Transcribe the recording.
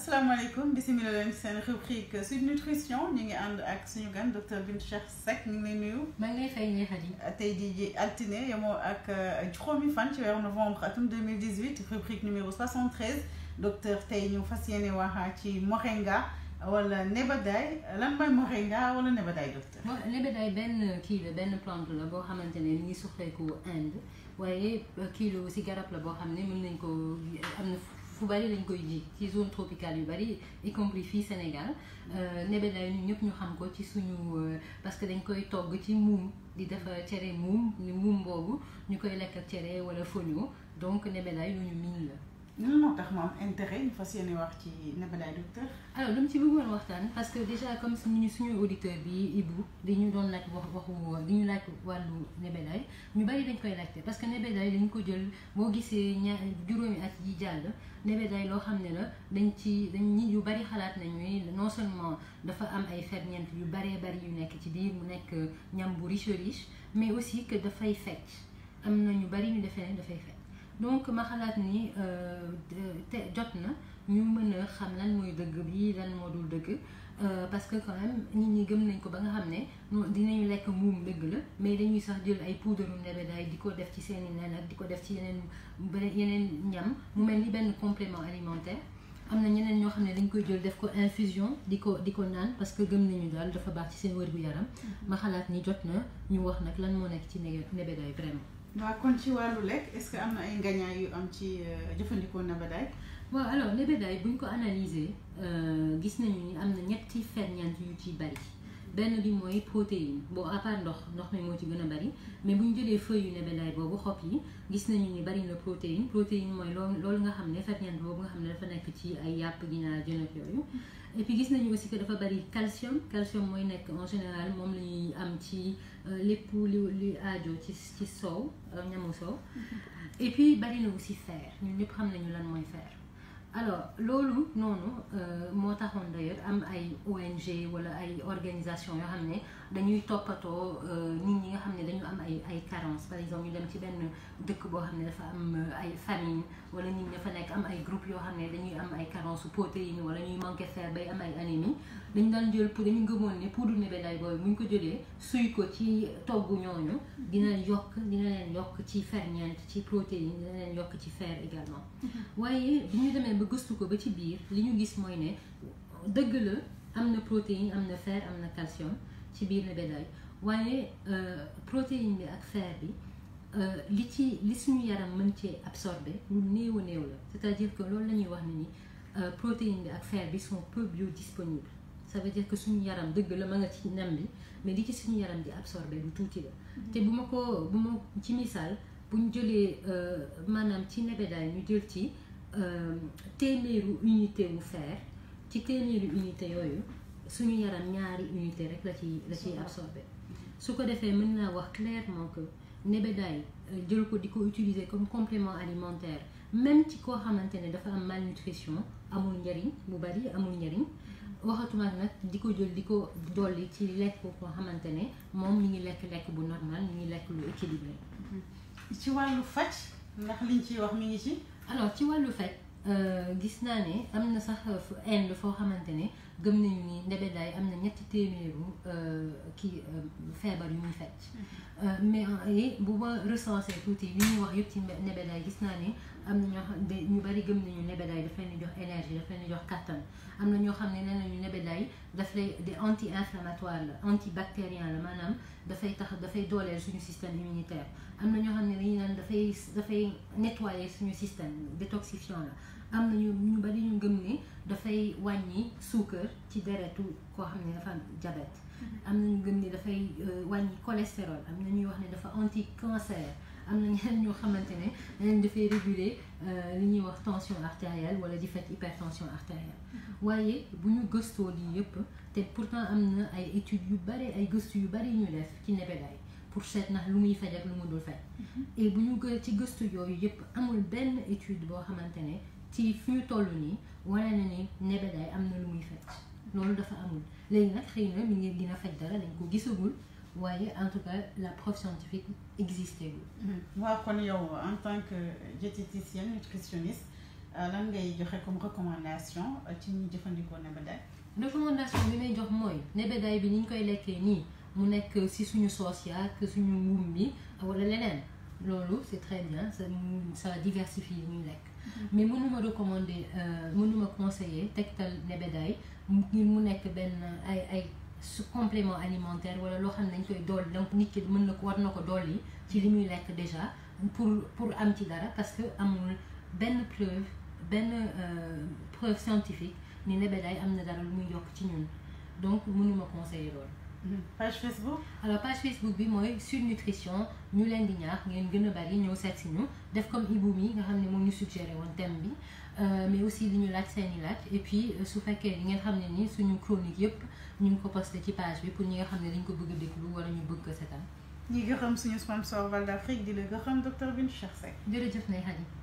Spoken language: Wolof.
asalaamaaleykum bisimila leen seen rubrique Sud Nutrition ñu ngi ànd ak suñu gan docteur Bine Cheikh Seck ñu ngi lay nuyu. maa ngi lay fay yi. tey jii ji altine moo ak euh, juróomi fan ci weeru novembre atum 2018 rubrique numéro 73 docteur tey ñu fas yéene waxaa ci moringa wala nebedaay lan mooy moringa wala nebedaay docteur. mo nebedaay benn kii la benn plante la boo xamante ne ni ngi suqeeku Inde waaye euh, kii la garab la boo xam ne mën nañ ko am fu bari dañ koy ji ci zone tropicale yu bari y compris fii Sénégal euh, nebe day ñu ñëpp ñu xam ko ci suñu euh, parce que dañ koy togg ci muum di def euh, cere muum muum boobu ñu koy lekk cere wala fonio donc nebeday lu ñu miin la moo tax ma ñu fas yéene wax ci Nebelay docteur. alors dama waxtaan parce que déjà comme suñu suñu auditeur bi Ibou di ñu doon laaj wax waxu di ñu laaj wàllu Nebelay ñu bari dañ koy laajte parce que Nebelay dañ ko jël boo gisee ñaar juróomi at yi jàll Nebelay loo xam ne la dañ ci dañ ñi ñu bari xalaat nañu non seulement dafa am ay ferñeent yu baree bari yu nekk ci biir mu nekk ñam bu riche riche mais aussi que dafay fecc am na ñu bari ñu defee ne dafay fecc. donc ma xalaat ni euh, te jot na ñu mën a xam lan mooy dëgg bi lan moo dul dëgg euh, parce que quand même nit ñi gëm nañ ko ba nga xam ne dinañu lekk muum dëgg la mais dañuy sax jël ay puudaru nebedaay di ko def ci seeni nen ak di ko def ci yeneen yeneen ñam mu mel ni benn complément alimentaire am na ñeneen ñoo xam ne dañ koy jël def ko infusion di ko di ko naan parce que gëm nañu daal dafa baax ci seen wér-gu-yaram mm-hmm. ma xalaat ni jot na ñu wax nag lan moo nekk ci nebedaay vraiment waaw kon ci wàllu lekk est-ce que am na ay ngañaay yu am ci euh, jëfandikoo nebedaay. waaw alors nebedaay buñ ko analyser euh, gis nañu ni am na ñetti ferñeent yu ciy bari. benn bi mooy protéine boo à ndox ndox mi moo ci gën a bari mais bu ñu jëlee feuille yu nebelaay boobu xob yi gis nañu ni bari na protéine protéine mooy loolu loolu nga xam ne ferñeent boobu nga xam ne dafa nekk ci ay yàpp ginaar jën ak yooyu et puis gis nañu aussi que dafa bari calcium calcium mooy nekk en général moom la ñuy am ci euh, lépp li li aajo ci ci soow euh, ñamu soow et bari na si fer ñun ñëpp xam nañu lan mooy fer alors loolu noonu euh, moo taxoon d'ailleurs am ay ONG wala ay organisation yoo xam ne dañuy toppatoo euh, nit ñi nga xam ne dañu am ay ay carence par exemple ñu dem ci benn dëkk boo xam ne dafa am euh, ay famine wala nit ñi dafa nekk am ay groupe yoo xam ne dañuy am ay carence protéine wala ñuy manqué fer bay am ay anémie dañu daan jël pour dañu gëmoon ne poudre nebedaay boobu bu ñu ko jëlee suy ko ci togg ñooñu dina yokk dina leen yokk ci ferñeent ci protéine dina yokk ci fer également mm-hmm. gëstu ko ba ci biir li ñu gis mooy ne dëgg la am na protéine am na fer am na calcium ci biir na bédaay waaye euh, protéine bi ak fer bi euh, li ci li suñu yaram mën cee absorbé lu néew a néew la c'est-à-dire que loolu la ñuy wax ne ni euh, protéine bi ak fer bi sont peu biodisponibles ça veut dire que suñu yaram dëgg la ma nga ci nam bi mais li ci suñu yaram di absorbé lu tuuti la mm-hmm. te bu ma ko bu ma ci misaal bu ñu jëlee maanaam ci nebedaay ñu jël ci Euh, téeméeru unité wu fer ci téeméeru unité yooyu suñu yaram ñaari unité rek la ciy la ciy absorbé su ko defee mën naa wax clairement que nebedaay euh, jël ko di ko utiliser comme complément alimentaire même ci koo xamante ne dafa am malnutrition amul njariñ bu bari amul njariñ waxatuma nag di ko jël di ko dolli ci lekk koo xamante ne moom mi ngi lekk lekk bu normal mi ngi lekk lu équilibré. ci wàllu faj ndax liñ ciy wax mi ngi ci. alors ci wàllu faj gis euh, naa ne am na sax euh, inde foo xamante ne gëm nañu ni Ndebelay am na ñetti téeméeru euh, kii euh, feebar yu muy fet mm-hmm. euh, mais bu ma recensé tuuti li ñuy wax yëpp ci Ndebelay gis naa ni am na ñoo ñu bari gëm nañu Ndebelay daf leen jox énergie daf leen di am na ñoo xam ne nee nañu Ndebelay daf lay des anti inflammatoire la antibactérien la maanaam dafay tax dafay dooleel suñu système immunitaire am na ñoo xam ne dañuy naan dafay dafay nettoyer suñu système détoxifiant la am na ñu ñu bari ñu gëm ne dafay wàññi suukar ci deretu koo xam ne dafa am mhm. am na ñu gëm dafay euh, wàññi cholestérol am na ñuy wax ne dafa anti cancer am na ñeneen ñoo xamante ne dañ dafay réguler euh, li ñuy wax tension artérielle wala di fait hypertension artérielle mhm. waaye bu ñu gëstoo lii yëpp te pourtant am na ay études yu bari ay gëstu yu bari ñu def ci nebedaay pour seet ndax lu muy faj ak lu mu dul faj mhm. bu ñu ci gëstu yooyu yëpp amul benn étude boo xamante ne ci suñu ñu toll nii wane na ni nebedaay am na lu muy faj loolu dafa amul léegi nag xëy na mi ngi gën a faj dara dañ ko gisagul waaye en tout cas la preuve scientifique existé gu. Hmm. waaw kon yow en tant que diététicienne nutritionniste euh, lan ngay joxe comme recommandation euh, ci ñuy jëfandikoo nebedaay. recommandation bi may jox mooy nebedaay bi ni ñu koy lekkee nii mu nekk si suñu soos ya ak suñu mbuum bi wala leneen loolu c'est très bien ça ça diversifie ñu lekk. mais mënuma recommander euh, mënuma conseiller tegtal nebedaay ngir mu nekk benn ay ay su complément alimentaire wala loo xam ne nañ koy dool donc nit ki mën na ko war na ko dool yi ci li muy lekk déjà pour pour am ci dara parce que amul benn preuve benn euh, preuve scientifique ni nebedaay am na dara lu muy yokk ci ñun donc mënuma conseiller loolu Mhm. page Facebook. alors page Facebook bi mooy su Nutrition ñu leen di ñaax ngeen gën a bari ñëw seet ñu def comme Ibou yi nga xam ne moom ñu suggéré woon thème bi euh, mais aussi li ñu laaj seeni laaj et puis euh, su fekkee li ngeen xam ne ni suñu chronique yëpp ñu ngi ko posté ci page bi pour ñi nga xam ne dañ ko bëgg a déglu wala ñu bëgg ko seetaan. ñi gërëm suñu sponsor Val d'Afrique di la gërëm docteur Bine Cheikh Seck. jërëjëf Ndeye Khady.